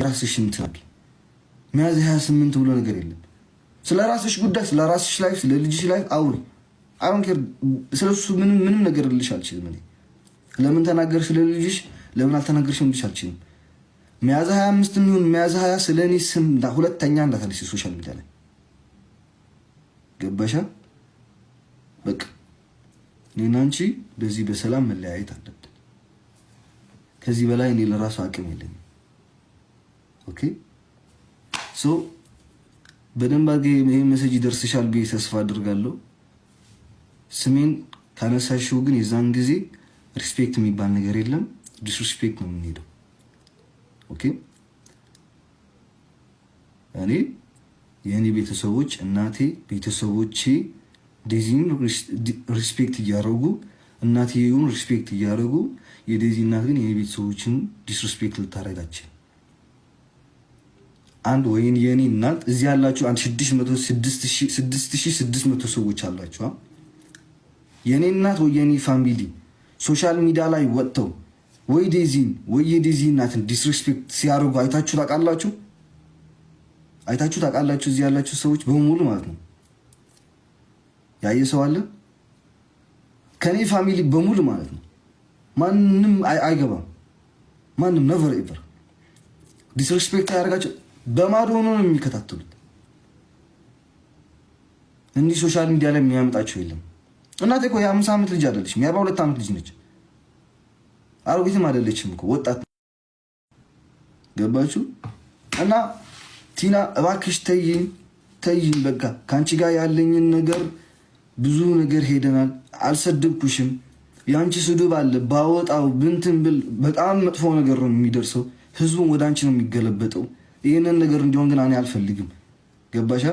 የራስሽ እንትናል መያዝ 28 ብሎ ነገር የለም። ስለ ራስሽ ጉዳይ፣ ስለ ራስሽ ላይፍ፣ ስለ ልጅሽ ላይፍ አውሪ። አሁን ስለ እሱ ምንም ነገር ልልሽ አልችልም። እኔ ለምን ተናገር ስለ ልጅሽ ለምን አልተናገርሽም ልልሽ አልችልም። መያዝ 25 አምስት የሚሆን መያዝ ሀያ ስለ እኔ ስም ሁለተኛ እንዳታለሽ ሶሻል ሚዲያ ላይ ገባሻ። በቃ እኔና አንቺ በዚህ በሰላም መለያየት አለብን። ከዚህ በላይ እኔ ለራሱ አቅም የለኝም። ኦኬ ሶ በደንብ አድርጌ ይሄ መሰጅ ይደርስሻል ብዬ ተስፋ አድርጋለሁ። ስሜን ካነሳሽው ግን የዛን ጊዜ ሪስፔክት የሚባል ነገር የለም፣ ዲስሪስፔክት ነው የምንሄደው። ኦኬ እኔ የእኔ ቤተሰቦች እናቴ፣ ቤተሰቦቼ ዴዚን ሪስፔክት እያደረጉ እናቴውን ሪስፔክት እያደረጉ የዴዚ እናት ግን የእኔ ቤተሰቦችን ዲስሪስፔክት ልታረጋችን አንድ ወይን የኔ እናት እዚህ ያላችሁ አንድ ስድስት ሺህ ስድስት መቶ ሰዎች አላችሁ። የኔ እናት ወይ የኔ ፋሚሊ ሶሻል ሚዲያ ላይ ወጥተው ወይ ዴዚን ወይ የዴዚ እናትን ዲስሪስፔክት ሲያደርጉ አይታችሁ ታውቃላችሁ? አይታችሁ ታውቃላችሁ? እዚህ ያላችሁ ሰዎች በሙሉ ማለት ነው። ያየ ሰው አለ? ከኔ ፋሚሊ በሙሉ ማለት ነው። ማንም አይገባም። ማንም ነቨር ኤቨር ዲስሪስፔክት ያደርጋቸው በማዶ ሆኖ ነው የሚከታተሉት። እንዲህ ሶሻል ሚዲያ ላይ የሚያመጣቸው የለም። እናቴ እኮ የአምስት ዓመት ልጅ አይደለችም፣ የአርባ ሁለት ዓመት ልጅ ነች። አሮጊትም አይደለችም እኮ ወጣት። ገባችሁ? እና ቲና እባክሽ ተይኝ ተይኝ፣ በቃ ከአንቺ ጋር ያለኝን ነገር ብዙ ነገር ሄደናል። አልሰደብኩሽም። የአንቺ ስድብ አለ ባወጣው ብንትን ብል በጣም መጥፎ ነገር ነው የሚደርሰው። ህዝቡን ወደ አንቺ ነው የሚገለበጠው። ይህንን ነገር እንዲሆን ግን እኔ አልፈልግም። ገባሻ?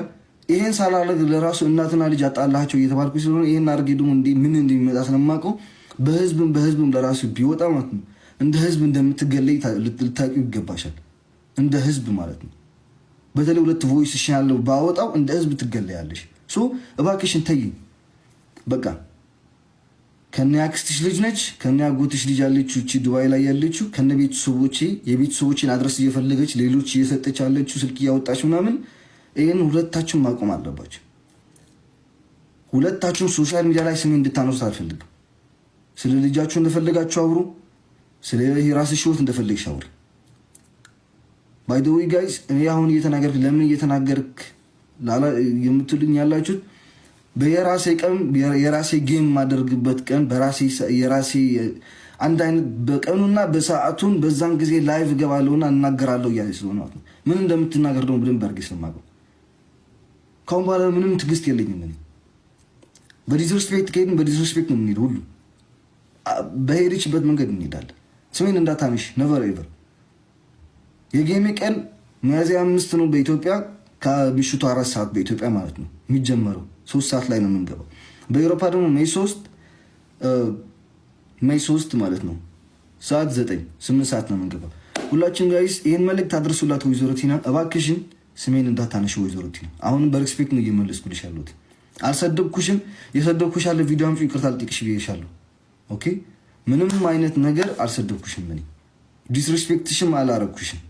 ይህን ሳላረግ ለራሱ እናትና ልጅ አጣላቸው እየተባልኩ ስለሆነ ይህን አድርጌ ደግሞ ምን እንደሚመጣ ስለማውቀው በህዝብም በህዝብም ለራሱ ቢወጣ ማለት ነው እንደ ህዝብ እንደምትገለይ ልታውቂው ይገባሻል። እንደ ህዝብ ማለት ነው። በተለይ ሁለት ቮይስ ያለው ባወጣው እንደ ህዝብ ትገለያለሽ። እባክሽን ተይኝ በቃ። ከነ ያክስትሽ ልጅ ነች፣ ከነ ያጎትሽ ልጅ ያለችው እቺ ዱባይ ላይ ያለችው ከነ ቤተሰቦቼ የቤተሰቦቼን አድረስ እየፈለገች ሌሎች እየሰጠች ያለችው ስልክ እያወጣች ምናምን፣ ይህን ሁለታችሁም ማቆም አለባቸው። ሁለታችሁም ሶሻል ሚዲያ ላይ ስሜ እንድታነሱት አልፈልግም። ስለ ልጃችሁ እንደፈለጋችሁ አውሩ። ስለ የራስሽ ህይወት እንደፈለግሽ አውሪ። ባይ ዘ ወይ ጋይስ፣ እኔ አሁን እየተናገርክ ለምን እየተናገርክ የምትሉኝ ያላችሁት የራሴ ቀን የራሴ ጌም የማደርግበት ቀን የራሴ አንድ አይነት በቀኑና በሰዓቱን በዛን ጊዜ ላይቭ እገባለሁና እናገራለሁ እያለ ስለሆነ ምን እንደምትናገር ደግሞ በደንብ በርግ ስለማውቀው ካሁን በኋላ ምንም ትግስት የለኝም። በዲስሪስፔክት ከሄድን በዲስሪስፔክት ነው የምንሄድ። ሁሉ በሄድችበት መንገድ እንሄዳለን። ስሜን እንዳታነሽ ነቨር ኤቨር። የጌሜ ቀን ሚያዝያ አምስት ነው በኢትዮጵያ ከምሽቱ አራት ሰዓት በኢትዮጵያ ማለት ነው የሚጀመረው። ሶስት ሰዓት ላይ ነው የምንገባው። በኤሮፓ ደግሞ ሜይ ሶስት ሜይ ሶስት ማለት ነው ሰዓት ዘጠኝ ስምንት ሰዓት ነው የምንገባው። ሁላችን ጋይስ ይህን መልእክት አድርሱላት ወይዘሮ ቲና እባክሽን፣ ስሜን እንዳታነሽ ወይዘሮ ቲና። አሁንም በሪስፔክት ነው እየመለስኩልሽ ያለሁት። አልሰደብኩሽም። የሰደብኩሽ ያለ ቪዲዮ አምጪው፣ ይቅርታ ልጠይቅሽ ብዬሻለሁ። ኦኬ ምንም አይነት ነገር አልሰደብኩሽም። እኔ ዲስሪስፔክትሽም አላረግኩሽም።